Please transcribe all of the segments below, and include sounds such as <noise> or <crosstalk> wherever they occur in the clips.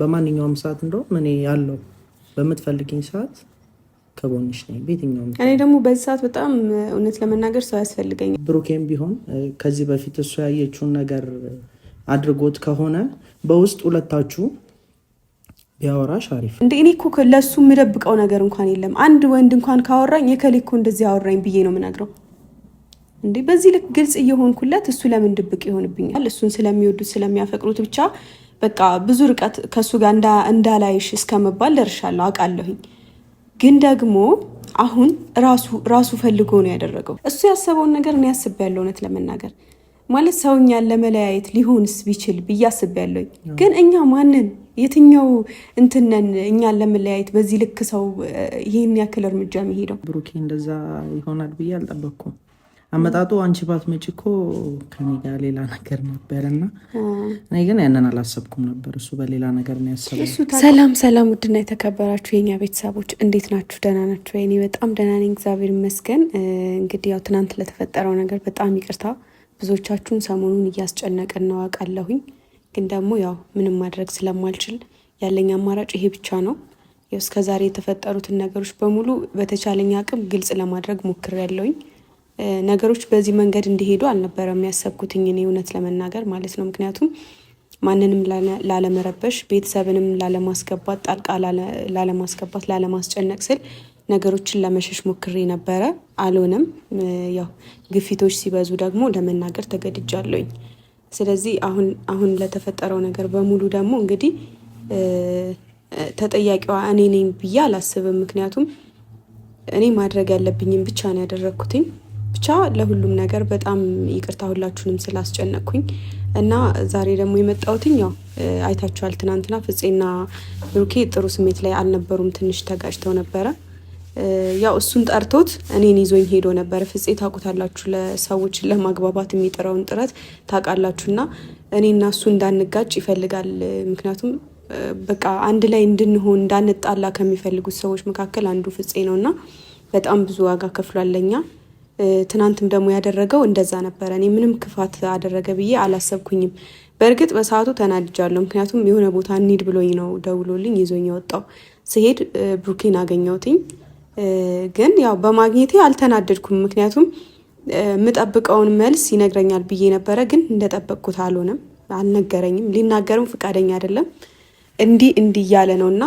በማንኛውም ሰዓት እንደውም እኔ ያለው በምትፈልግኝ ሰዓት ከጎንሽ ነኝ። በየትኛውም እኔ ደግሞ በዚህ ሰዓት በጣም እውነት ለመናገር ሰው ያስፈልገኝ። ብሩኬም ቢሆን ከዚህ በፊት እሱ ያየችውን ነገር አድርጎት ከሆነ በውስጥ ሁለታችሁ ቢያወራሽ አሪፍ። እንደ እኔ እኮ ለእሱ የምደብቀው ነገር እንኳን የለም። አንድ ወንድ እንኳን ካወራኝ የከሌ እኮ እንደዚህ አወራኝ ብዬ ነው የምነግረው። እንዴ በዚህ ልክ ግልጽ እየሆንኩለት እሱ ለምን ድብቅ ይሆንብኛል? እሱን ስለሚወዱት ስለሚያፈቅሩት ብቻ በቃ ብዙ ርቀት ከእሱ ጋር እንዳላይሽ እስከመባል ደርሻለሁ አውቃለሁኝ። ግን ደግሞ አሁን ራሱ ፈልጎ ነው ያደረገው። እሱ ያሰበውን ነገር እኔ አስቤያለሁ፣ እውነት ለመናገር ማለት ሰውኛን ለመለያየት ሊሆንስ ቢችል ብዬ አስቤያለሁኝ። ግን እኛ ማንን የትኛው እንትነን እኛን ለመለያየት በዚህ ልክ ሰው ይህን ያክል እርምጃ መሄደው ብሩኬ እንደዛ ይሆናል ብዬ አልጠበኩም። አመጣጡ አንቺ ባትመጪ እኮ ከኔ ጋር ሌላ ነገር ነበር እና እኔ ግን ያንን አላሰብኩም ነበር። እሱ በሌላ ነገር ነው ያሰብኩ። ሰላም ሰላም፣ ውድና የተከበራችሁ የኛ ቤተሰቦች እንዴት ናችሁ? ደህና ናችሁ? እኔ በጣም ደህና ነኝ፣ እግዚአብሔር ይመስገን። እንግዲህ ያው ትናንት ለተፈጠረው ነገር በጣም ይቅርታ። ብዙዎቻችሁን ሰሞኑን ነው እናዋቃለሁኝ፣ ግን ደግሞ ያው ምንም ማድረግ ስለማልችል ያለኝ አማራጭ ይሄ ብቻ ነው። እስከዛሬ የተፈጠሩትን ነገሮች በሙሉ በተቻለኝ አቅም ግልጽ ለማድረግ ሞክሬያለሁኝ። ነገሮች በዚህ መንገድ እንዲሄዱ አልነበረም ያሰብኩትኝ እኔ እውነት ለመናገር ማለት ነው። ምክንያቱም ማንንም ላለመረበሽ፣ ቤተሰብንም ላለማስገባት፣ ጣልቃ ላለማስገባት፣ ላለማስጨነቅ ስል ነገሮችን ለመሸሽ ሞክሬ ነበረ። አልሆነም። ያው ግፊቶች ሲበዙ ደግሞ ለመናገር ተገድጃለሁኝ። ስለዚህ አሁን አሁን ለተፈጠረው ነገር በሙሉ ደግሞ እንግዲህ ተጠያቂዋ እኔ ነኝ ብዬ አላስብም። ምክንያቱም እኔ ማድረግ ያለብኝም ብቻ ነው ያደረግኩትኝ። ብቻ ለሁሉም ነገር በጣም ይቅርታ ሁላችሁንም ስላስጨነቅኩኝ እና ዛሬ ደግሞ የመጣሁትኝ ያው አይታችኋል። ትናንትና ፍፄና ብሩኬ ጥሩ ስሜት ላይ አልነበሩም። ትንሽ ተጋጭተው ነበረ። ያው እሱን ጠርቶት እኔን ይዞኝ ሄዶ ነበረ። ፍፄ ታውቁታላችሁ፣ ለሰዎች ለማግባባት የሚጥረውን ጥረት ታውቃላችሁና እኔና እሱ እንዳንጋጭ ይፈልጋል። ምክንያቱም በቃ አንድ ላይ እንድንሆን እንዳንጣላ ከሚፈልጉት ሰዎች መካከል አንዱ ፍፄ ነው እና በጣም ብዙ ዋጋ ከፍሏለኛ። ትናንትም ደግሞ ያደረገው እንደዛ ነበረ። እኔ ምንም ክፋት አደረገ ብዬ አላሰብኩኝም። በእርግጥ በሰዓቱ ተናድጃለሁ። ምክንያቱም የሆነ ቦታ እንሂድ ብሎኝ ነው ደውሎልኝ ይዞኝ የወጣው። ስሄድ ብሩኬን አገኘሁትኝ። ግን ያው በማግኘቴ አልተናደድኩም። ምክንያቱም የምጠብቀውን መልስ ይነግረኛል ብዬ ነበረ። ግን እንደጠበቅኩት አልሆነም። አልነገረኝም። ሊናገርም ፈቃደኛ አይደለም። እንዲህ እንዲህ እያለ ነው እና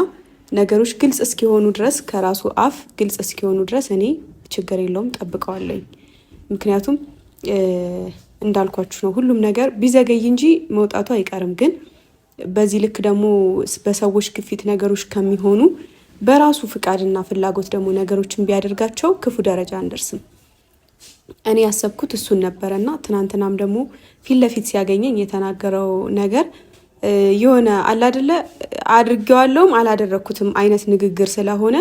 ነገሮች ግልጽ እስኪሆኑ ድረስ ከራሱ አፍ ግልጽ እስኪሆኑ ድረስ እኔ ችግር የለውም ጠብቀዋለኝ። ምክንያቱም እንዳልኳችሁ ነው ሁሉም ነገር ቢዘገይ እንጂ መውጣቱ አይቀርም። ግን በዚህ ልክ ደግሞ በሰዎች ግፊት ነገሮች ከሚሆኑ በራሱ ፍቃድና ፍላጎት ደግሞ ነገሮችን ቢያደርጋቸው ክፉ ደረጃ አንደርስም። እኔ ያሰብኩት እሱን ነበረ ና ትናንትናም ደግሞ ፊት ለፊት ሲያገኘኝ የተናገረው ነገር የሆነ አላደለ አድርጌዋለሁም አላደረግኩትም አይነት ንግግር ስለሆነ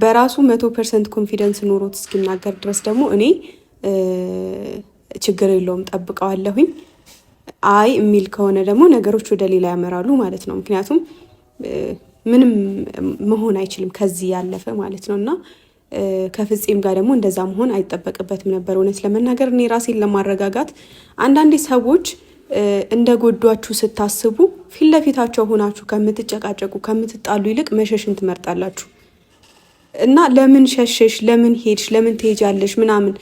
በራሱ መቶ ፐርሰንት ኮንፊደንስ ኖሮት እስኪናገር ድረስ ደግሞ እኔ ችግር የለውም ጠብቀዋለሁኝ። አይ የሚል ከሆነ ደግሞ ነገሮች ወደ ሌላ ያመራሉ ማለት ነው። ምክንያቱም ምንም መሆን አይችልም ከዚህ ያለፈ ማለት ነው እና ከፍፄም ጋር ደግሞ እንደዛ መሆን አይጠበቅበትም ነበር። እውነት ለመናገር እኔ ራሴን ለማረጋጋት አንዳንዴ ሰዎች እንደ ጎዷችሁ ስታስቡ ፊት ለፊታቸው ሆናችሁ ከምትጨቃጨቁ ከምትጣሉ ይልቅ መሸሽን ትመርጣላችሁ። እና ለምን ሸሸሽ፣ ለምን ሄድሽ፣ ለምን ትሄጃለሽ ምናምን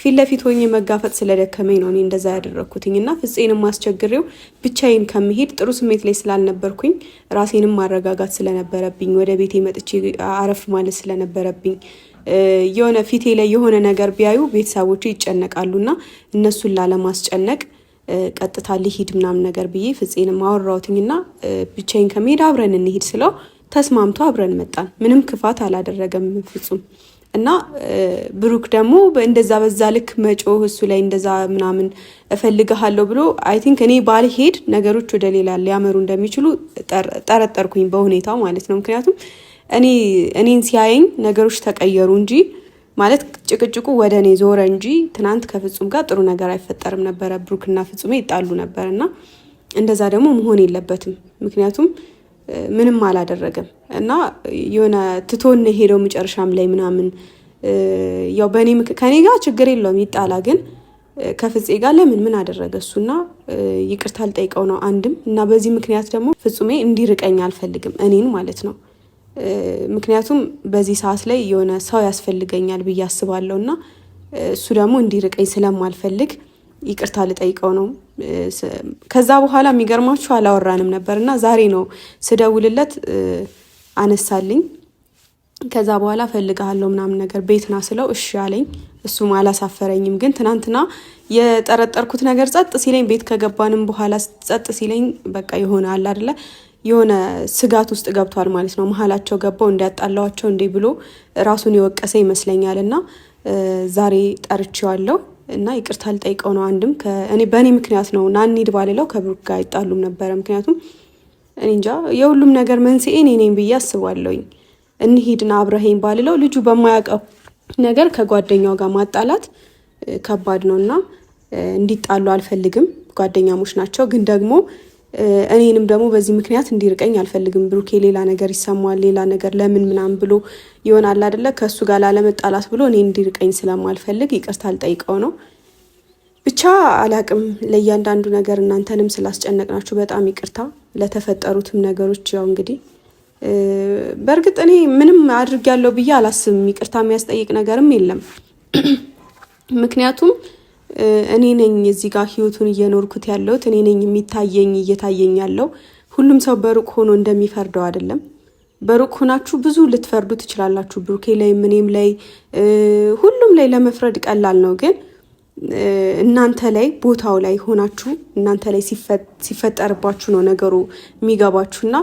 ፊት ለፊት ሆኜ መጋፈጥ ስለደከመኝ ነው እኔ እንደዛ ያደረግኩትኝ። እና ፍፄንም አስቸግሬው ብቻዬን ከምሄድ ጥሩ ስሜት ላይ ስላልነበርኩኝ ራሴንም ማረጋጋት ስለነበረብኝ ወደ ቤቴ መጥቼ አረፍ ማለት ስለነበረብኝ የሆነ ፊቴ ላይ የሆነ ነገር ቢያዩ ቤተሰቦቼ ይጨነቃሉና እነሱን ላለማስጨነቅ ቀጥታ ሊሂድ ምናምን ነገር ብዬ ፍፄንም አወራሁትኝና ብቻዬን ከመሄድ አብረን እንሄድ ስለው ተስማምቶ አብረን መጣን። ምንም ክፋት አላደረገም ፍጹም። እና ብሩክ ደግሞ እንደዛ በዛ ልክ መጮህ እሱ ላይ እንደዛ ምናምን እፈልግሃለሁ ብሎ አይ ቲንክ እኔ ባልሄድ ነገሮች ወደ ሌላ ሊያመሩ እንደሚችሉ ጠረጠርኩኝ፣ በሁኔታው ማለት ነው። ምክንያቱም እኔ እኔን ሲያየኝ ነገሮች ተቀየሩ እንጂ ማለት ጭቅጭቁ ወደ እኔ ዞረ እንጂ ትናንት ከፍጹም ጋር ጥሩ ነገር አይፈጠርም ነበረ። ብሩክና ፍጹሜ ይጣሉ ነበር እና እንደዛ ደግሞ መሆን የለበትም ምክንያቱም ምንም አላደረገም እና የሆነ ትቶን ሄደው መጨረሻም ላይ ምናምን ያው በእኔ ከእኔ ጋር ችግር የለውም ይጣላ፣ ግን ከፍፄ ጋር ለምን ምን አደረገ እሱና ይቅርታ ልጠይቀው ነው አንድም እና በዚህ ምክንያት ደግሞ ፍጹሜ እንዲርቀኝ አልፈልግም እኔን ማለት ነው። ምክንያቱም በዚህ ሰዓት ላይ የሆነ ሰው ያስፈልገኛል ብዬ አስባለሁ እና እሱ ደግሞ እንዲርቀኝ ስለማልፈልግ ይቅርታ ልጠይቀው ነው ከዛ በኋላ የሚገርማችሁ አላወራንም ነበር እና ዛሬ ነው ስደውልለት አነሳልኝ። ከዛ በኋላ ፈልግሃለሁ ምናምን ነገር ቤት ና ስለው እሺ አለኝ። እሱም አላሳፈረኝም። ግን ትናንትና የጠረጠርኩት ነገር ጸጥ ሲለኝ ቤት ከገባንም በኋላ ጸጥ ሲለኝ በቃ የሆነ አለ አይደለ የሆነ ስጋት ውስጥ ገብቷል ማለት ነው። መሀላቸው ገባው እንዲያጣላዋቸው እንዴ ብሎ ራሱን የወቀሰ ይመስለኛል እና ዛሬ ጠርቼዋለሁ። እና ይቅርታ ልጠይቀው ነው። አንድም እኔ በእኔ ምክንያት ነው ና እንሂድ ባልለው ከብሩክ ጋር አይጣሉም ነበረ። ምክንያቱም እኔ እንጃ የሁሉም ነገር መንስኤ እኔ ነኝ ብዬ አስባለሁኝ። እንሂድና አብረኸኝ ባልለው ልጁ በማያውቀው ነገር ከጓደኛው ጋር ማጣላት ከባድ ነው እና እንዲጣሉ አልፈልግም። ጓደኛሞች ናቸው ግን ደግሞ እኔንም ደግሞ በዚህ ምክንያት እንዲርቀኝ አልፈልግም። ብሩኬ ሌላ ነገር ይሰማዋል፣ ሌላ ነገር ለምን ምናምን ብሎ ይሆናል አደለ ከእሱ ጋር ላለመጣላት ብሎ እኔ እንዲርቀኝ ስለማልፈልግ ይቅርታ አልጠይቀው ነው። ብቻ አላቅም። ለእያንዳንዱ ነገር እናንተንም ስላስጨነቅናችሁ በጣም ይቅርታ። ለተፈጠሩትም ነገሮች ያው እንግዲህ በእርግጥ እኔ ምንም ያለው ብዬ አላስብም። ይቅርታ የሚያስጠይቅ ነገርም የለም <clears throat> ምክንያቱም እኔ ነኝ እዚህ ጋር ህይወቱን እየኖርኩት ያለሁት እኔ ነኝ የሚታየኝ እየታየኝ ያለው። ሁሉም ሰው በሩቅ ሆኖ እንደሚፈርደው አይደለም። በሩቅ ሆናችሁ ብዙ ልትፈርዱ ትችላላችሁ። ብሩኬ ላይ፣ እኔም ላይ፣ ሁሉም ላይ ለመፍረድ ቀላል ነው። ግን እናንተ ላይ ቦታው ላይ ሆናችሁ እናንተ ላይ ሲፈጠርባችሁ ነው ነገሩ የሚገባችሁና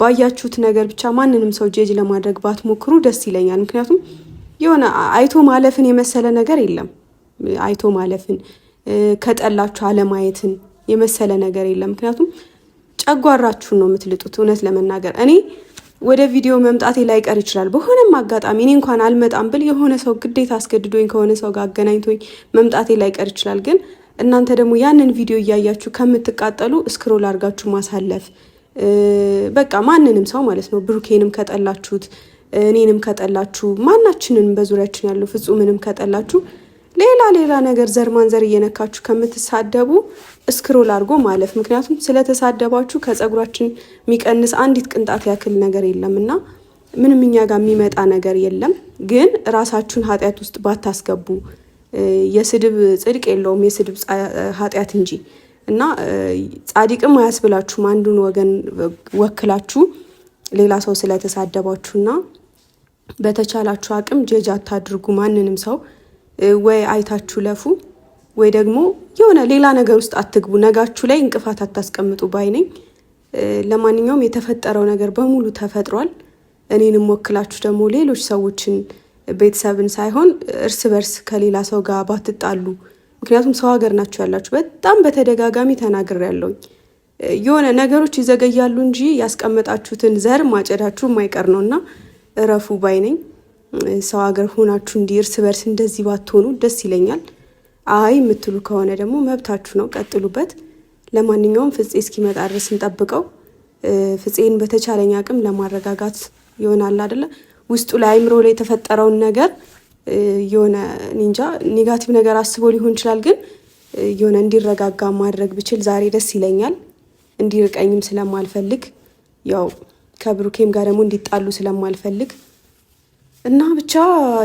ባያችሁት ነገር ብቻ ማንንም ሰው ጄጅ ለማድረግ ባትሞክሩ ደስ ይለኛል። ምክንያቱም የሆነ አይቶ ማለፍን የመሰለ ነገር የለም። አይቶ ማለፍን ከጠላችሁ አለማየትን የመሰለ ነገር የለም። ምክንያቱም ጨጓራችሁን ነው የምትልጡት። እውነት ለመናገር እኔ ወደ ቪዲዮ መምጣቴ ላይቀር ይችላል። በሆነም አጋጣሚ እኔ እንኳን አልመጣም ብል የሆነ ሰው ግዴታ አስገድዶኝ ከሆነ ሰው ጋር አገናኝቶኝ መምጣቴ ላይቀር ይችላል። ግን እናንተ ደግሞ ያንን ቪዲዮ እያያችሁ ከምትቃጠሉ እስክሮል አድርጋችሁ ማሳለፍ በቃ ማንንም ሰው ማለት ነው ብሩኬንም ከጠላችሁት እኔንም ከጠላችሁ ማናችንን በዙሪያችን ያለው ፍጹምንም ከጠላችሁ ሌላ ሌላ ነገር ዘር ማንዘር እየነካችሁ ከምትሳደቡ እስክሮል አድርጎ ማለፍ። ምክንያቱም ስለተሳደባችሁ ከጸጉራችን የሚቀንስ አንዲት ቅንጣት ያክል ነገር የለም እና ምንም እኛ ጋር የሚመጣ ነገር የለም። ግን ራሳችሁን ኃጢአት ውስጥ ባታስገቡ የስድብ ጽድቅ የለውም የስድብ ኃጢአት እንጂ እና ጻዲቅም አያስብላችሁም አንዱን ወገን ወክላችሁ ሌላ ሰው ስለተሳደባችሁና በተቻላችሁ አቅም ጀጅ አታድርጉ ማንንም ሰው ወይ አይታችሁ ለፉ ወይ ደግሞ የሆነ ሌላ ነገር ውስጥ አትግቡ። ነጋችሁ ላይ እንቅፋት አታስቀምጡ ባይ ነኝ። ለማንኛውም የተፈጠረው ነገር በሙሉ ተፈጥሯል። እኔንም ወክላችሁ ደግሞ ሌሎች ሰዎችን ቤተሰብን ሳይሆን እርስ በርስ ከሌላ ሰው ጋር ባትጣሉ። ምክንያቱም ሰው ሀገር ናቸው ያላችሁ። በጣም በተደጋጋሚ ያለውኝ የሆነ ነገሮች ይዘገያሉ እንጂ ያስቀመጣችሁትን ዘር ማጨዳችሁ የማይቀር ነው እና እረፉ ባይ ነኝ። ሰው ሀገር ሆናችሁ እንዲህ እርስ በርስ እንደዚህ ባትሆኑ ደስ ይለኛል። አይ የምትሉ ከሆነ ደግሞ መብታችሁ ነው፣ ቀጥሉበት። ለማንኛውም ፍፄ እስኪመጣ ድረስ እንጠብቀው። ፍፄን በተቻለኝ አቅም ለማረጋጋት ይሆናል አደለ? ውስጡ ላይ አይምሮ ላይ የተፈጠረውን ነገር የሆነ እንጃ ኔጋቲቭ ነገር አስቦ ሊሆን ይችላል፣ ግን የሆነ እንዲረጋጋ ማድረግ ብችል ዛሬ ደስ ይለኛል። እንዲርቀኝም ስለማልፈልግ ያው ከብሩኬም ጋር ደግሞ እንዲጣሉ ስለማልፈልግ እና ብቻ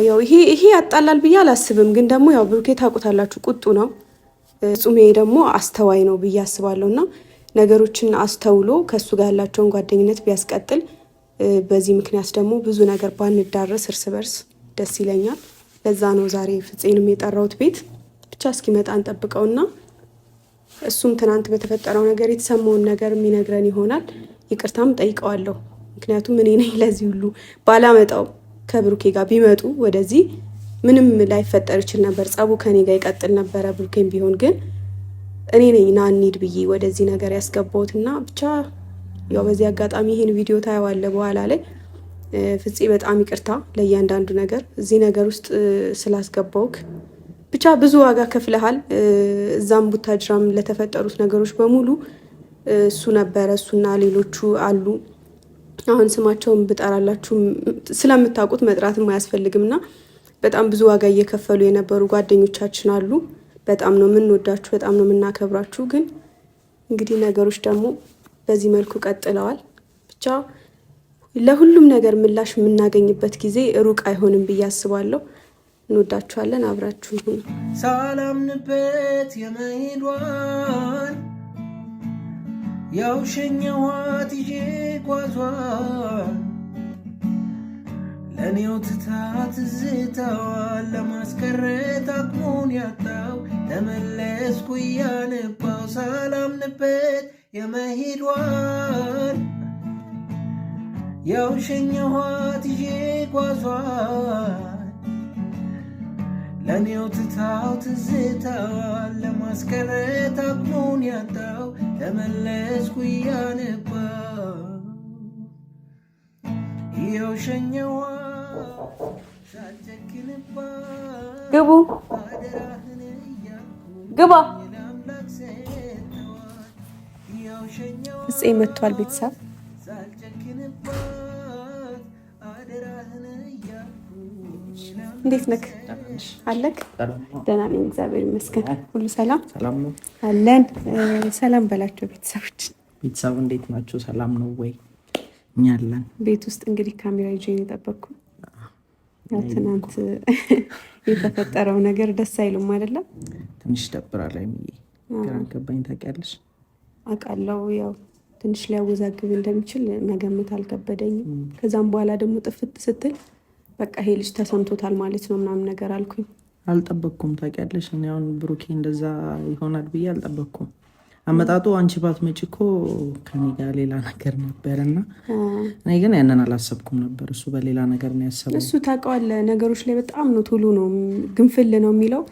ያው ይሄ ይሄ ያጣላል ብዬ አላስብም። ግን ደግሞ ያው ብሩኬ ታውቁታላችሁ፣ ቁጡ ነው። ጹሜ ደግሞ አስተዋይ ነው ብዬ አስባለሁ። እና ነገሮችን አስተውሎ ከእሱ ጋር ያላቸውን ጓደኝነት ቢያስቀጥል በዚህ ምክንያት ደግሞ ብዙ ነገር ባንዳረስ እርስ በርስ ደስ ይለኛል። ለዛ ነው ዛሬ ፍፄንም የጠራሁት ቤት ብቻ እስኪመጣ እንጠብቀውና እሱም ትናንት በተፈጠረው ነገር የተሰማውን ነገር የሚነግረን ይሆናል። ይቅርታም ጠይቀዋለሁ። ምክንያቱም እኔ ነኝ ለዚህ ሁሉ ባላመጣው ከብሩኬ ጋር ቢመጡ ወደዚህ ምንም ላይፈጠር ይችል ነበር። ጸቡ ከኔ ጋር ይቀጥል ነበረ። ብሩኬን ቢሆን ግን እኔ ነኝ ና እንሂድ ብዬ ወደዚህ ነገር ያስገባሁት እና ብቻ ያው በዚህ አጋጣሚ ይህን ቪዲዮ ታየዋለ በኋላ ላይ ፍፄ በጣም ይቅርታ ለእያንዳንዱ ነገር እዚህ ነገር ውስጥ ስላስገባውክ ብቻ ብዙ ዋጋ ከፍለሃል። እዛም ቡታጅራም ለተፈጠሩት ነገሮች በሙሉ እሱ ነበረ እሱና ሌሎቹ አሉ። አሁን ስማቸውን ብጠራላችሁ ስለምታውቁት መጥራትም አያስፈልግም እና በጣም ብዙ ዋጋ እየከፈሉ የነበሩ ጓደኞቻችን አሉ። በጣም ነው የምንወዳችሁ፣ በጣም ነው የምናከብራችሁ። ግን እንግዲህ ነገሮች ደግሞ በዚህ መልኩ ቀጥለዋል። ብቻ ለሁሉም ነገር ምላሽ የምናገኝበት ጊዜ ሩቅ አይሆንም ብዬ አስባለሁ። እንወዳችኋለን። አብራችሁ ሳላምንበት የመሄዷን ያው ሸኘኋት ይዤ ጓዟን ለእኔው ትታት ትዝታዋን ለማስቀረት አቅሙን ያጣው ተመለስኩ እያነባው ሳላምንበት የመሄዷን ያው ሸኘኋት ይዤ ጓዟን ለእኔው ትታው ትዝታዋን ለማስቀረት አቅሙን ያጣው ተመለስኩ እያነባ ይኸው ሸኘዋ ግቡ ግባ እጽ መጥቷል። ቤተሰብ እንዴት ነክ አለክ ደህና ነኝ፣ እግዚአብሔር ይመስገን። ሁሉ ሰላም አለን። ሰላም በላቸው ቤተሰቦች። ቤተሰቡ እንዴት ናቸው? ሰላም ነው ወይ? እኛ አለን። ቤት ውስጥ እንግዲህ ካሜራ ይዤ የጠበቅኩ። ትናንት <laughs> የተፈጠረው ነገር ደስ አይሉም አይደለም? ትንሽ ደብራል። አይምዬ ግራ ገባኝ። ታውቂያለሽ? አውቃለሁ ያው ትንሽ ሊያወዛግብ እንደሚችል መገመት አልከበደኝም። ከዛም በኋላ ደግሞ ጥፍት ስትል በቃ ይሄ ልጅ ተሰምቶታል ማለት ነው ምናምን ነገር አልኩኝ። አልጠበቅኩም ታውቂያለሽ። እኔ አሁን ብሩኬ እንደዛ ይሆናል ብዬ አልጠበቅኩም። አመጣጡ አንቺ ባት እኮ ከኔ ጋር ሌላ ነገር ነበር እና እኔ ግን ያንን አላሰብኩም ነበር። እሱ በሌላ ነገር ነው ያሰበው። እሱ ታውቀዋለህ፣ ነገሮች ላይ በጣም ነው ቶሎ ነው ግንፍል ነው የሚለው።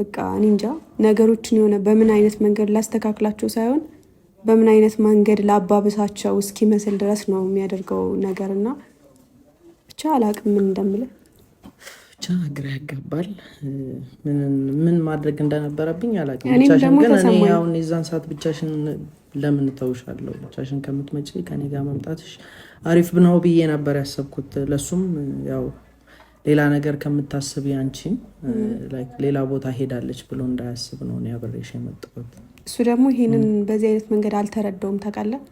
በቃ እኔ እንጃ ነገሮችን የሆነ በምን አይነት መንገድ ላስተካክላቸው ሳይሆን በምን አይነት መንገድ ላባብሳቸው እስኪመስል ድረስ ነው የሚያደርገው ነገር እና ብቻ አላቅም ምን እንደምልህ ብቻ ግራ ያጋባል። ምን ማድረግ እንደነበረብኝ አላቅም። ግን የዛን ሰዓት ብቻሽን ለምን ተውሻለሁ? ብቻሽን ከምትመጪ ከኔ ጋር መምጣትሽ አሪፍ ነው ብዬ ነበር ያሰብኩት። ለሱም ያው ሌላ ነገር ከምታስብ አንቺ ሌላ ቦታ ሄዳለች ብሎ እንዳያስብ ነው እኔ አብሬሽ የመጣሁት። እሱ ደግሞ ይሄንን በዚህ አይነት መንገድ አልተረዳውም ታውቃለህ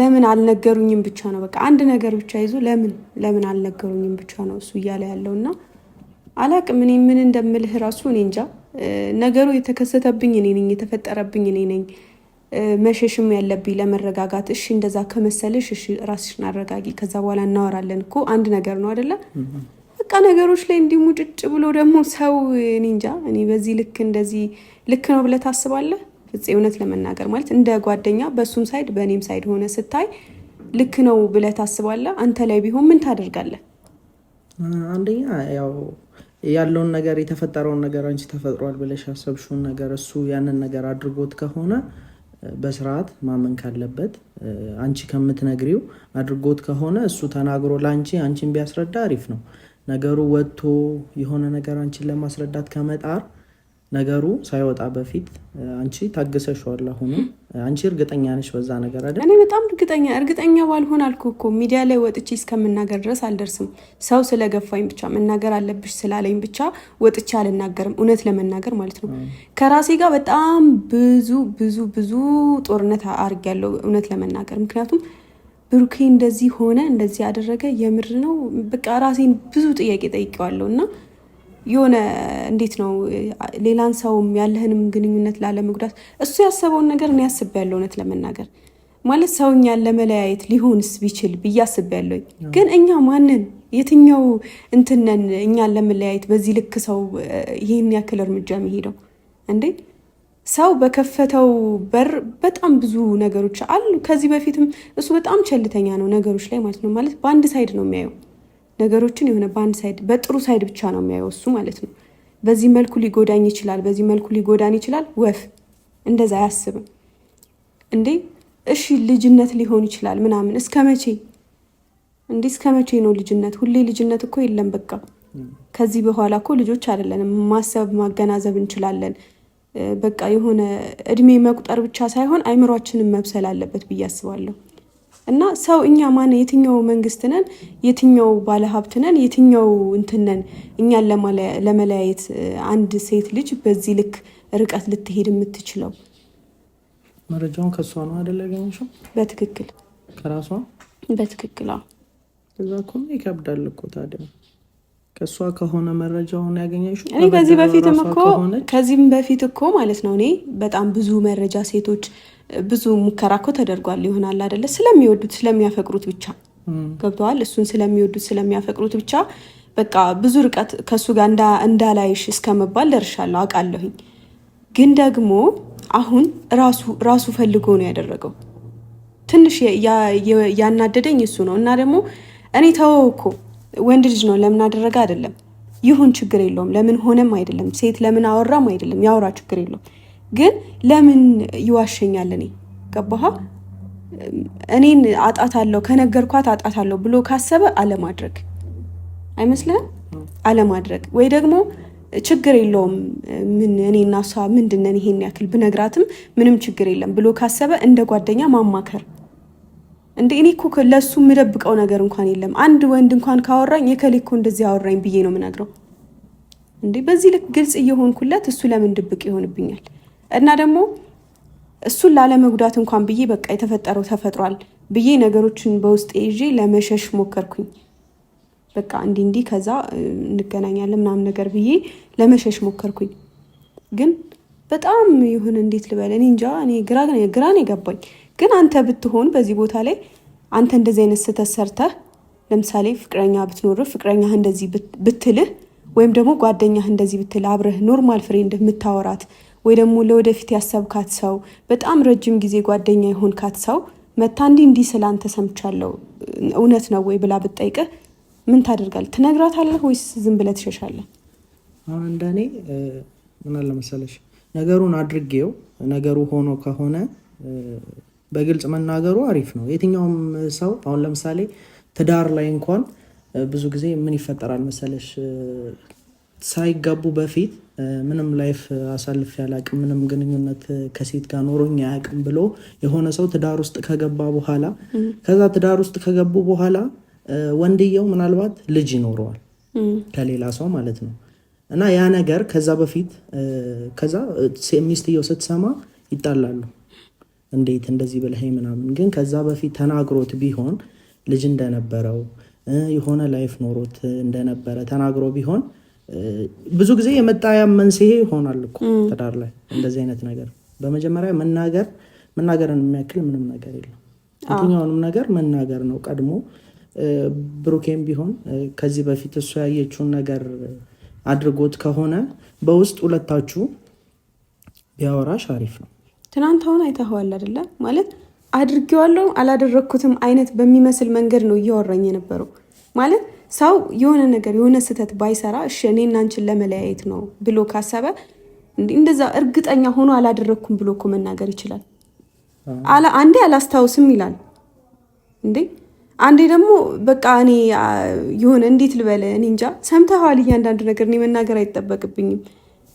ለምን አልነገሩኝም ብቻ ነው። በቃ አንድ ነገር ብቻ ይዞ ለምን ለምን አልነገሩኝም ብቻ ነው እሱ እያለ ያለው እና አላቅም። እኔ ምን እንደምልህ ራሱ እኔ እንጃ። ነገሩ የተከሰተብኝ እኔ ነኝ፣ የተፈጠረብኝ እኔ ነኝ። መሸሽም ያለብኝ ለመረጋጋት። እሺ እንደዛ ከመሰልሽ እሺ ራስሽን አረጋጊ፣ ከዛ በኋላ እናወራለን እኮ አንድ ነገር ነው አደለ? በቃ ነገሮች ላይ እንዲህ ሙጭጭ ብሎ ደግሞ ሰው እኔ እንጃ። እኔ በዚህ ልክ እንደዚህ ልክ ነው ብለህ ታስባለህ? ፍፄ እውነት ለመናገር ማለት እንደ ጓደኛ በእሱም ሳይድ በእኔም ሳይድ ሆነ ስታይ ልክ ነው ብለ ታስባለ አንተ ላይ ቢሆን ምን ታደርጋለህ? አንደኛ ያው ያለውን ነገር የተፈጠረውን ነገር አንቺ ተፈጥሯል ብለሽ ያሰብሽውን ነገር እሱ ያንን ነገር አድርጎት ከሆነ በስርዓት ማመን ካለበት አንቺ ከምትነግሪው አድርጎት ከሆነ እሱ ተናግሮ ለአንቺ አንቺን ቢያስረዳ አሪፍ ነው። ነገሩ ወጥቶ የሆነ ነገር አንቺን ለማስረዳት ከመጣር ነገሩ ሳይወጣ በፊት አንቺ ታግሰሽዋል። አሁኑ አንቺ እርግጠኛ ነሽ በዛ ነገር አይደል? እኔ በጣም እርግጠኛ እርግጠኛ ባልሆን አልኩ እኮ ሚዲያ ላይ ወጥቼ እስከምናገር ድረስ አልደርስም። ሰው ስለገፋኝ ብቻ መናገር አለብሽ ስላለኝ ብቻ ወጥቼ አልናገርም። እውነት ለመናገር ማለት ነው። ከራሴ ጋር በጣም ብዙ ብዙ ብዙ ጦርነት አድርጌያለሁ እውነት ለመናገር ምክንያቱም ብሩኬ እንደዚህ ሆነ እንደዚህ ያደረገ የምር ነው በቃ ራሴን ብዙ ጥያቄ ጠይቄዋለሁ እና የሆነ እንዴት ነው ሌላን ሰውም ያለህንም ግንኙነት ላለመጉዳት እሱ ያሰበውን ነገር እኔ አስቤያለሁ። እውነት ለመናገር ማለት ሰውኛን ለመለያየት ሊሆንስ ቢችል ብዬ አስቤያለሁ። ግን እኛ ማንን የትኛው እንትነን እኛን ለመለያየት በዚህ ልክ ሰው ይህን ያክል እርምጃ የሚሄደው እንዴ? ሰው በከፈተው በር በጣም ብዙ ነገሮች አሉ። ከዚህ በፊትም እሱ በጣም ቸልተኛ ነው ነገሮች ላይ ማለት ነው። ማለት በአንድ ሳይድ ነው የሚያየው ነገሮችን የሆነ በአንድ ሳይድ በጥሩ ሳይድ ብቻ ነው የሚያወሱ ማለት ነው። በዚህ መልኩ ሊጎዳኝ ይችላል፣ በዚህ መልኩ ሊጎዳን ይችላል። ወፍ እንደዛ አያስብም እንዴ። እሺ ልጅነት ሊሆን ይችላል ምናምን። እስከ መቼ እንዴ? እስከ መቼ ነው ልጅነት? ሁሌ ልጅነት እኮ የለም በቃ። ከዚህ በኋላ እኮ ልጆች አይደለንም። ማሰብ ማገናዘብ እንችላለን። በቃ የሆነ እድሜ መቁጠር ብቻ ሳይሆን አይምሯችንም መብሰል አለበት ብዬ አስባለሁ። እና ሰው እኛ ማን የትኛው መንግስት ነን? የትኛው ባለሀብት ነን? የትኛው እንትነን? ነን? እኛን ለመለያየት አንድ ሴት ልጅ በዚህ ልክ ርቀት ልትሄድ የምትችለው መረጃውን ከእሷ ነው አደለ? ያገኘሽው? በትክክል ከራሷ በትክክል እዛ እኮ ይከብዳል እኮ ታዲያ ከእሷ ከሆነ መረጃውን ያገኘሽው። እኔ ከዚህ በፊትም እኮ ከዚህም በፊት እኮ ማለት ነው እኔ በጣም ብዙ መረጃ ሴቶች ብዙ ሙከራ እኮ ተደርጓል ይሆናል አይደለ? ስለሚወዱት ስለሚያፈቅሩት ብቻ ገብተዋል። እሱን ስለሚወዱት ስለሚያፈቅሩት ብቻ በቃ ብዙ ርቀት ከእሱ ጋር እንዳላይሽ እስከ መባል ደርሻለሁ አውቃለሁኝ። ግን ደግሞ አሁን ራሱ ፈልጎ ነው ያደረገው። ትንሽ ያናደደኝ እሱ ነው። እና ደግሞ እኔ ተወው እኮ ወንድ ልጅ ነው ለምን አደረገ አይደለም፣ ይሁን ችግር የለውም። ለምን ሆነም አይደለም፣ ሴት ለምን አወራም አይደለም፣ ያውራ ችግር የለውም። ግን ለምን ይዋሸኛል? እኔ ገባሃ እኔን አጣታለሁ ከነገርኳት አጣታለሁ ብሎ ካሰበ አለማድረግ አይመስልህም? አለማድረግ ወይ ደግሞ ችግር የለውም ምን እኔና እሷ ምንድነን ይሄን ያክል ብነግራትም ምንም ችግር የለም ብሎ ካሰበ እንደ ጓደኛ ማማከር እንደ እኔ እኮ ለእሱ የምደብቀው ነገር እንኳን የለም። አንድ ወንድ እንኳን ካወራኝ የከሌ እኮ እንደዚህ አወራኝ ብዬ ነው የምነግረው። እንዴ በዚህ ልክ ግልጽ እየሆንኩለት እሱ ለምን ድብቅ ይሆንብኛል? እና ደግሞ እሱን ላለመጉዳት እንኳን ብዬ በቃ የተፈጠረው ተፈጥሯል ብዬ ነገሮችን በውስጤ ይዤ ለመሸሽ ሞከርኩኝ። በቃ እንዲህ እንዲህ ከዛ እንገናኛለን ምናምን ነገር ብዬ ለመሸሽ ሞከርኩኝ። ግን በጣም ይሁን እንዴት ልበል እኔ እንጃ፣ እኔ ግራ ነው የገባኝ። ግን አንተ ብትሆን በዚህ ቦታ ላይ አንተ እንደዚህ አይነት ስህተት ሰርተህ ለምሳሌ ፍቅረኛ ብትኖርህ ፍቅረኛህ እንደዚህ ብትልህ ወይም ደግሞ ጓደኛህ እንደዚህ ብትል አብረህ ኖርማል ፍሬንድ የምታወራት ወይ ደግሞ ለወደፊት ያሰብካት ሰው በጣም ረጅም ጊዜ ጓደኛ የሆንካት ሰው መታ እንዲ እንዲህ ስላንተ ሰምቻለሁ እውነት ነው ወይ ብላ ብትጠይቅህ ምን ታደርጋለህ? ትነግራታለህ ወይስ ዝም ብለህ ትሸሻለህ? እንደኔ ምን አለ መሰለሽ ነገሩን አድርጌው ነገሩ ሆኖ ከሆነ በግልጽ መናገሩ አሪፍ ነው። የትኛውም ሰው አሁን ለምሳሌ ትዳር ላይ እንኳን ብዙ ጊዜ ምን ይፈጠራል መሰለሽ ሳይጋቡ በፊት ምንም ላይፍ አሳልፍ ያላቅም ምንም ግንኙነት ከሴት ጋር ኖሮኝ አያቅም ብሎ የሆነ ሰው ትዳር ውስጥ ከገባ በኋላ ከዛ ትዳር ውስጥ ከገቡ በኋላ ወንድየው ምናልባት ልጅ ይኖረዋል ከሌላ ሰው ማለት ነው። እና ያ ነገር ከዛ በፊት ከዛ ሚስትየው ስትሰማ ይጣላሉ። እንዴት እንደዚህ ብለኸኝ ምናምን። ግን ከዛ በፊት ተናግሮት ቢሆን ልጅ እንደነበረው የሆነ ላይፍ ኖሮት እንደነበረ ተናግሮ ቢሆን ብዙ ጊዜ የመጣያ መንስሄ ሆኗል እኮ ትዳር ላይ እንደዚህ አይነት ነገር። በመጀመሪያ መናገር መናገርን የሚያክል ምንም ነገር የለም። የትኛውንም ነገር መናገር ነው ቀድሞ። ብሩኬም ቢሆን ከዚህ በፊት እሱ ያየችውን ነገር አድርጎት ከሆነ በውስጥ ሁለታችሁ ቢያወራሽ አሪፍ ነው። ትናንት አሁን አይተኸዋል አይደለም? ማለት አድርጌዋለሁ አላደረግኩትም አይነት በሚመስል መንገድ ነው እያወራኝ የነበረው ማለት ሰው የሆነ ነገር የሆነ ስህተት ባይሰራ እሺ እኔ እናንችን ለመለያየት ነው ብሎ ካሰበ እንደዛ እርግጠኛ ሆኖ አላደረግኩም ብሎ እኮ መናገር ይችላል። አንዴ አላስታውስም ይላል እንዴ፣ አንዴ ደግሞ በቃ እኔ የሆነ እንዴት ልበለ እኔ እንጃ። ሰምተኸዋል፣ እያንዳንዱ ነገር እኔ መናገር አይጠበቅብኝም።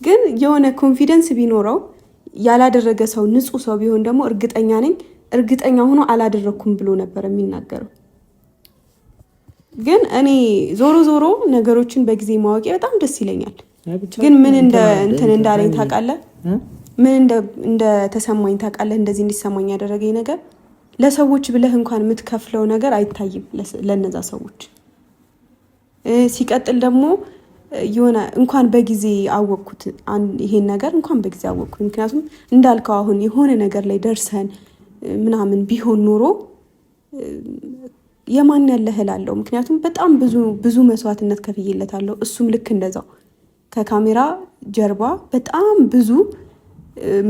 ግን የሆነ ኮንፊደንስ ቢኖረው ያላደረገ ሰው ንጹህ ሰው ቢሆን ደግሞ እርግጠኛ ነኝ እርግጠኛ ሆኖ አላደረግኩም ብሎ ነበር የሚናገረው። ግን እኔ ዞሮ ዞሮ ነገሮችን በጊዜ ማወቂ በጣም ደስ ይለኛል። ግን ምን እንትን እንዳለኝ ታውቃለህ? ምን እንደተሰማኝ ታውቃለህ? እንደዚህ እንዲሰማኝ ያደረገኝ ነገር ለሰዎች ብለህ እንኳን የምትከፍለው ነገር አይታይም ለነዛ ሰዎች። ሲቀጥል ደግሞ የሆነ እንኳን በጊዜ አወቅኩት ይሄን ነገር እንኳን በጊዜ አወቅኩት። ምክንያቱም እንዳልከው አሁን የሆነ ነገር ላይ ደርሰን ምናምን ቢሆን ኖሮ የማን ያለህ እላለሁ። ምክንያቱም በጣም ብዙ ብዙ መስዋዕትነት ከፍዬለታለሁ። እሱም ልክ እንደዛው ከካሜራ ጀርባ በጣም ብዙ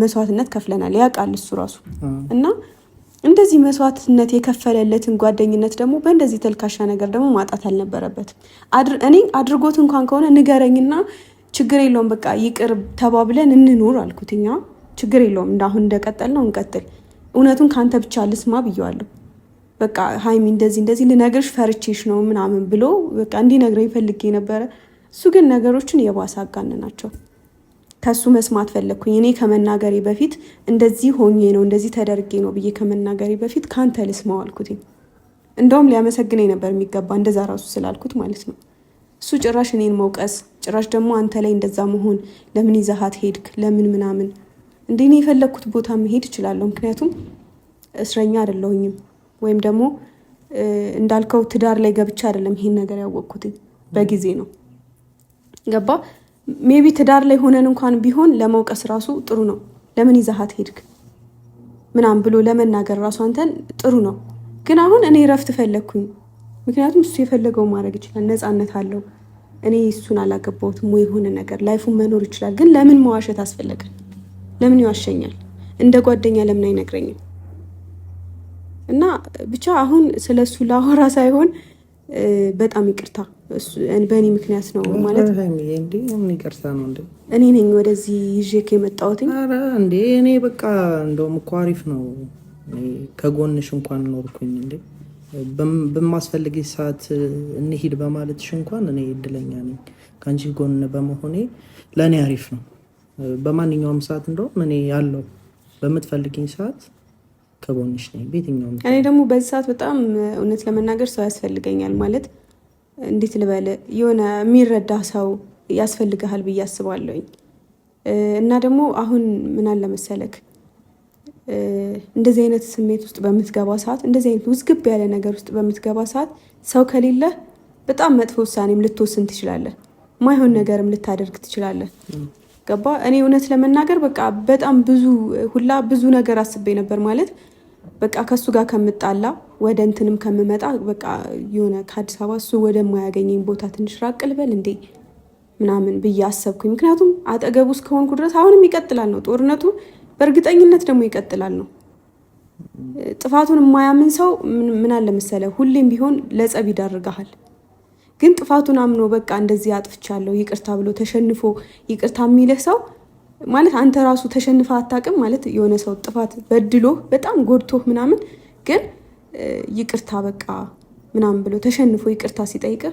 መስዋዕትነት ከፍለናል። ያውቃል እሱ ራሱ እና እንደዚህ መስዋዕትነት የከፈለለትን ጓደኝነት ደግሞ በእንደዚህ ተልካሻ ነገር ደግሞ ማጣት አልነበረበትም። እኔ አድርጎት እንኳን ከሆነ ንገረኝና ችግር የለውም በቃ ይቅር ተባብለን እንኑር አልኩት። እኛ ችግር የለውም አሁን እንደቀጠል ነው እንቀጥል፣ እውነቱን ከአንተ ብቻ ልስማ ብየዋለሁ። በቃ ሀይሚ እንደዚህ እንደዚህ ልነግርሽ ፈርቼሽ ነው ምናምን ብሎ በቃ እንዲነግረኝ ፈልጌ ነበረ። እሱ ግን ነገሮችን የባሰ ናቸው። ከሱ መስማት ፈለግኩኝ። እኔ ከመናገሬ በፊት እንደዚህ ሆኜ ነው እንደዚህ ተደርጌ ነው ብዬ ከመናገሬ በፊት ከአንተ ልስማው አልኩትኝ። እንደውም ሊያመሰግነኝ ነበር የሚገባ እንደዛ ራሱ ስላልኩት ማለት ነው። እሱ ጭራሽ እኔን መውቀስ፣ ጭራሽ ደግሞ አንተ ላይ እንደዛ መሆን፣ ለምን ይዛሀት ሄድክ፣ ለምን ምናምን። እንደ እኔ የፈለግኩት ቦታ መሄድ እችላለሁ፣ ምክንያቱም እስረኛ አይደለሁኝም። ወይም ደግሞ እንዳልከው ትዳር ላይ ገብቼ አይደለም ይሄን ነገር ያወቅኩትኝ በጊዜ ነው ገባ። ሜቢ ትዳር ላይ ሆነን እንኳን ቢሆን ለመውቀስ ራሱ ጥሩ ነው። ለምን ይዛሀት ሄድክ ምናም ብሎ ለመናገር ራሱ አንተን ጥሩ ነው። ግን አሁን እኔ እረፍት ፈለግኩኝ። ምክንያቱም እሱ የፈለገው ማድረግ ይችላል፣ ነፃነት አለው። እኔ እሱን አላገባሁትም ወይ የሆነ ነገር ላይፉን መኖር ይችላል። ግን ለምን መዋሸት አስፈለገ? ለምን ይዋሸኛል? እንደ ጓደኛ ለምን አይነግረኝም? እና ብቻ አሁን ስለ እሱ ላወራ ሳይሆን በጣም ይቅርታ በእኔ ምክንያት ነው ማለት ይቅርታ ነው እንደ እኔ ነኝ ወደዚህ ይዤክ የመጣሁት እንዴ እኔ በቃ እንደውም እኮ አሪፍ ነው ከጎንሽ እንኳን ኖርኩኝ እንዴ በማስፈልግ ሰዓት እንሂድ በማለትሽ እንኳን እኔ እድለኛ ነኝ ከአንቺ ጎን በመሆኔ ለእኔ አሪፍ ነው በማንኛውም ሰዓት እንደውም እኔ አለው በምትፈልግኝ ሰዓት ከጎንሽ ነኝ በየትኛውም። እኔ ደግሞ በዚህ ሰዓት በጣም እውነት ለመናገር ሰው ያስፈልገኛል። ማለት እንዴት ልበል፣ የሆነ የሚረዳ ሰው ያስፈልግሃል ብዬ አስባለሁኝ። እና ደግሞ አሁን ምን አለ መሰለክ እንደዚህ አይነት ስሜት ውስጥ በምትገባ ሰዓት፣ እንደዚህ አይነት ውዝግብ ያለ ነገር ውስጥ በምትገባ ሰዓት ሰው ከሌለ በጣም መጥፎ ውሳኔም ልትወስን ትችላለህ። ማይሆን ነገርም ልታደርግ ትችላለህ። ገባ እኔ እውነት ለመናገር በቃ በጣም ብዙ ሁላ ብዙ ነገር አስቤ ነበር ማለት በቃ ከእሱ ጋር ከምጣላ ወደ እንትንም ከምመጣ በቃ የሆነ ከአዲስ አበባ እሱ ወደማያገኘኝ ቦታ ትንሽ ራቅ ልበል እንዴ ምናምን ብዬ አሰብኩኝ። ምክንያቱም አጠገቡ እስከሆንኩ ድረስ አሁንም ይቀጥላል ነው ጦርነቱ፣ በእርግጠኝነት ደግሞ ይቀጥላል ነው። ጥፋቱን የማያምን ሰው ምን አለ መሰለ፣ ሁሌም ቢሆን ለጸብ ይዳርግሃል። ግን ጥፋቱን አምኖ በቃ እንደዚህ አጥፍቻለሁ ይቅርታ ብሎ ተሸንፎ ይቅርታ የሚልህ ሰው ማለት አንተ ራሱ ተሸንፈ አታውቅም ማለት የሆነ ሰው ጥፋት በድሎ በጣም ጎድቶህ ምናምን ግን ይቅርታ በቃ ምናምን ብሎ ተሸንፎ ይቅርታ ሲጠይቅ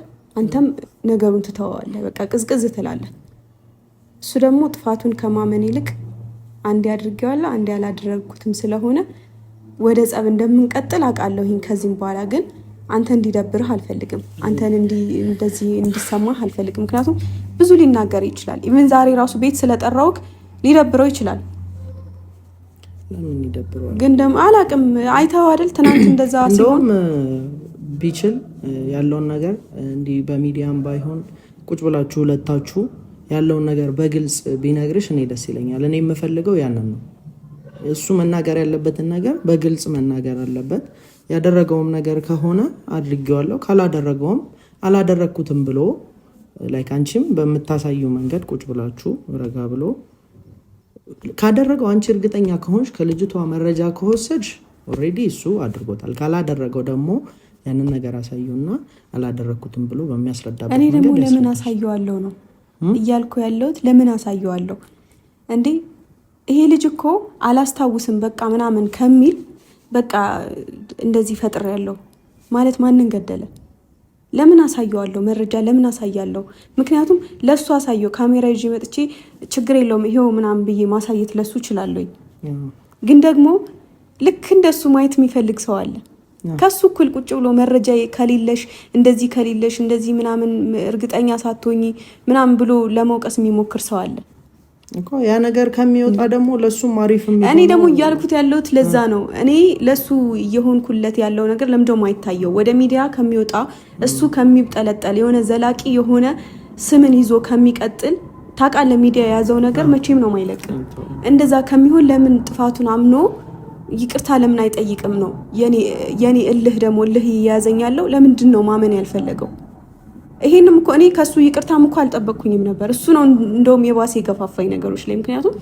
አንተም ነገሩን ትተዋዋለህ። በቃ ቅዝቅዝ ትላለህ። እሱ ደግሞ ጥፋቱን ከማመን ይልቅ አንድ አድርጌዋለሁ አንድ ያላደረግኩትም ስለሆነ ወደ ጸብ እንደምንቀጥል አውቃለሁኝ። ከዚህም በኋላ ግን አንተ እንዲደብርህ አልፈልግም። አንተን እንደዚህ እንዲሰማህ አልፈልግም። ምክንያቱም ብዙ ሊናገር ይችላል። ኢቨን ዛሬ ራሱ ቤት ስለጠራውክ ሊደብረው ይችላል። ግን ደግሞ አላቅም አይተው አይደል ትናንት እንደዛ ሲሆን ቢችል ያለውን ነገር እንዲህ በሚዲያም ባይሆን ቁጭ ብላችሁ ሁለታችሁ ያለውን ነገር በግልጽ ቢነግርሽ እኔ ደስ ይለኛል። እኔ የምፈልገው ያንን ነው። እሱ መናገር ያለበትን ነገር በግልጽ መናገር አለበት። ያደረገውም ነገር ከሆነ አድርጌዋለሁ፣ ካላደረገውም አላደረግኩትም ብሎ ላይክ አንቺም በምታሳየው መንገድ ቁጭ ብላችሁ ረጋ ብሎ ካደረገው አንቺ እርግጠኛ ከሆንሽ ከልጅቷ መረጃ ከወሰድሽ ኦልሬዲ እሱ አድርጎታል። ካላደረገው ደግሞ ያንን ነገር አሳዩና አላደረግኩትም ብሎ በሚያስረዳበት እኔ ደግሞ ለምን አሳየዋለሁ ነው እያልኩ ያለሁት። ለምን አሳየዋለሁ እንዴ? ይሄ ልጅ እኮ አላስታውስም በቃ ምናምን ከሚል በቃ እንደዚህ ፈጥር ያለው ማለት ማንን ገደለ? ለምን አሳየዋለሁ? መረጃ ለምን አሳያለሁ? ምክንያቱም ለሱ አሳየው ካሜራ ይዤ መጥቼ ችግር የለውም ይሄው ምናምን ብዬ ማሳየት ለሱ እችላለሁኝ። ግን ደግሞ ልክ እንደሱ ማየት የሚፈልግ ሰው አለ። ከሱ እኩል ቁጭ ብሎ መረጃ ከሌለሽ እንደዚህ ከሌለሽ እንደዚህ ምናምን እርግጠኛ ሳትሆኚ ምናምን ብሎ ለመውቀስ የሚሞክር ሰው አለ። ያ ነገር ከሚወጣ ደግሞ ለሱም አሪፍ። እኔ ደግሞ እያልኩት ያለሁት ለዛ ነው። እኔ ለሱ እየሆንኩለት ያለው ነገር ለምደውም አይታየው ወደ ሚዲያ ከሚወጣ እሱ ከሚጠለጠል የሆነ ዘላቂ የሆነ ስምን ይዞ ከሚቀጥል ታውቃለህ፣ ሚዲያ የያዘው ነገር መቼም ነው ማይለቅም። እንደዛ ከሚሆን ለምን ጥፋቱን አምኖ ይቅርታ ለምን አይጠይቅም ነው የኔ እልህ ደግሞ እልህ እየያዘኝ ያለው ለምንድን ነው ማመን ያልፈለገው? ይሄንም እኮ እኔ ከእሱ ይቅርታም እኮ አልጠበቅኩኝም ነበር። እሱ ነው እንደውም የባሰ የገፋፋኝ ነገሮች ላይ ምክንያቱም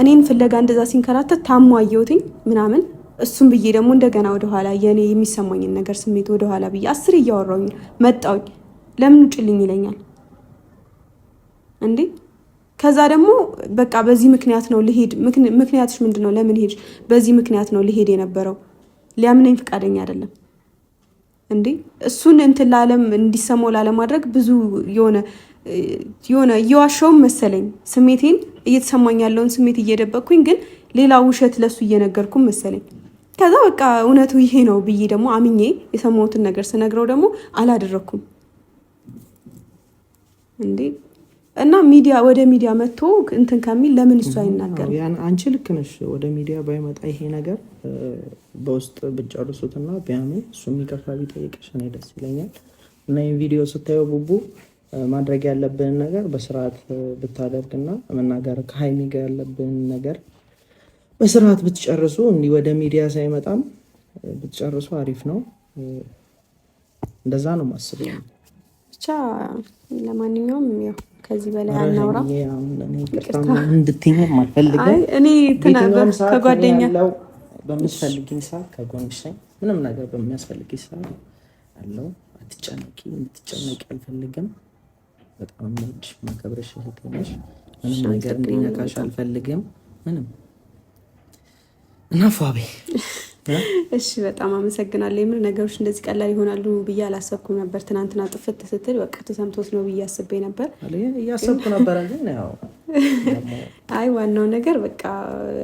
እኔን ፍለጋ እንደዛ ሲንከራተት ታሞ አየሁትኝ ምናምን እሱም ብዬ ደግሞ እንደገና ወደኋላ የእኔ የሚሰማኝን ነገር ስሜት ወደኋላ ብዬ አስር እያወራውኝ መጣውኝ። ለምን ውጭልኝ ይለኛል እንዴ? ከዛ ደግሞ በቃ በዚህ ምክንያት ነው ልሄድ። ምክንያትሽ ምንድን ነው? ለምን ሄድሽ? በዚህ ምክንያት ነው ልሄድ የነበረው። ሊያምነኝ ፈቃደኛ አይደለም። እንዴ እሱን እንትን ላለም እንዲሰማው ላለማድረግ ብዙ የሆነ የሆነ እየዋሻውም መሰለኝ ስሜቴን እየተሰማኝ ያለውን ስሜት እየደበቅኩኝ፣ ግን ሌላ ውሸት ለሱ እየነገርኩም መሰለኝ። ከዛ በቃ እውነቱ ይሄ ነው ብዬ ደግሞ አምኜ የሰማሁትን ነገር ስነግረው ደግሞ አላደረግኩም እንዴ እና ሚዲያ ወደ ሚዲያ መጥቶ እንትን ከሚል ለምን እሱ አይናገርም? አንቺ ልክ ነሽ። ወደ ሚዲያ ባይመጣ ይሄ ነገር በውስጥ ብጨርሱትና ቢያሚ እሱ የሚከፋ ቢጠይቅሽ እኔ ደስ ይለኛል። እና ይህን ቪዲዮ ስታየው ቡቡ ማድረግ ያለብህን ነገር በስርዓት ብታደርግ ብታደርግና መናገር ከሀይሚ ጋር ያለብህን ነገር በስርዓት ብትጨርሱ እንዲህ ወደ ሚዲያ ሳይመጣም ብትጨርሱ አሪፍ ነው። እንደዛ ነው ማስብ። ብቻ ለማንኛውም ያው ከዚህ በላይ አናውራ። እኔ ከጓደኛ በምትፈልጊኝ ሰዓት ከጎንሽ ነኝ። ምንም ነገር በሚያስፈልግሽ ሰዓት አለው። አትጨነቂ፣ እንድትጨነቂ አልፈልግም። በጣም ሞድ ማከብረሽ ህትነሽ ምንም ነገር እንዲነካሽ አልፈልግም። ምንም እና ፏቤ እሺ በጣም አመሰግናለሁ። የምር ነገሮች እንደዚህ ቀላል ይሆናሉ ብዬ አላሰብኩም ነበር። ትናንትና ጥፍት ስትል በቃ ተሰምቶት ነው ብዬ አስቤ ነበር። እያሰብኩ ነበረ፣ ግን ያው አይ ዋናው ነገር በቃ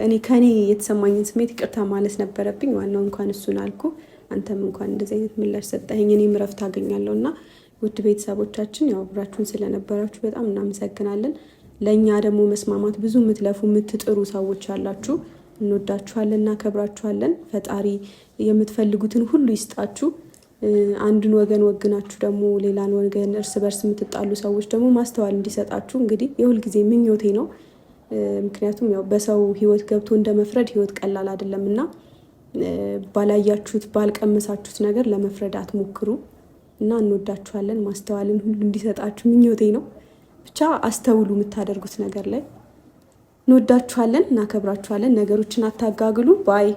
እኔ ከኔ የተሰማኝን ስሜት ይቅርታ ማለት ነበረብኝ። ዋናው እንኳን እሱን አልኩ፣ አንተም እንኳን እንደዚህ አይነት ምላሽ ሰጠኝ እኔም እረፍት አገኛለሁ እና ውድ ቤተሰቦቻችን ያው አብራችሁን ስለነበራችሁ በጣም እናመሰግናለን። ለእኛ ደግሞ መስማማት ብዙ የምትለፉ የምትጥሩ ሰዎች አላችሁ። እንወዳችኋለን፣ እናከብራችኋለን። ፈጣሪ የምትፈልጉትን ሁሉ ይስጣችሁ። አንድን ወገን ወግናችሁ ደግሞ ሌላን ወገን እርስ በርስ የምትጣሉ ሰዎች ደግሞ ማስተዋል እንዲሰጣችሁ እንግዲህ የሁልጊዜ ምኞቴ ነው። ምክንያቱም ያው በሰው ህይወት ገብቶ እንደ መፍረድ ቀላል አይደለም እና ባላያችሁት ባልቀመሳችሁት ነገር ለመፍረድ አትሞክሩ እና እንወዳችኋለን። ማስተዋልን ሁሉ እንዲሰጣችሁ ምኞቴ ነው። ብቻ አስተውሉ የምታደርጉት ነገር ላይ እንወዳችኋለን፣ እናከብራችኋለን። ነገሮችን አታጋግሉ ባይ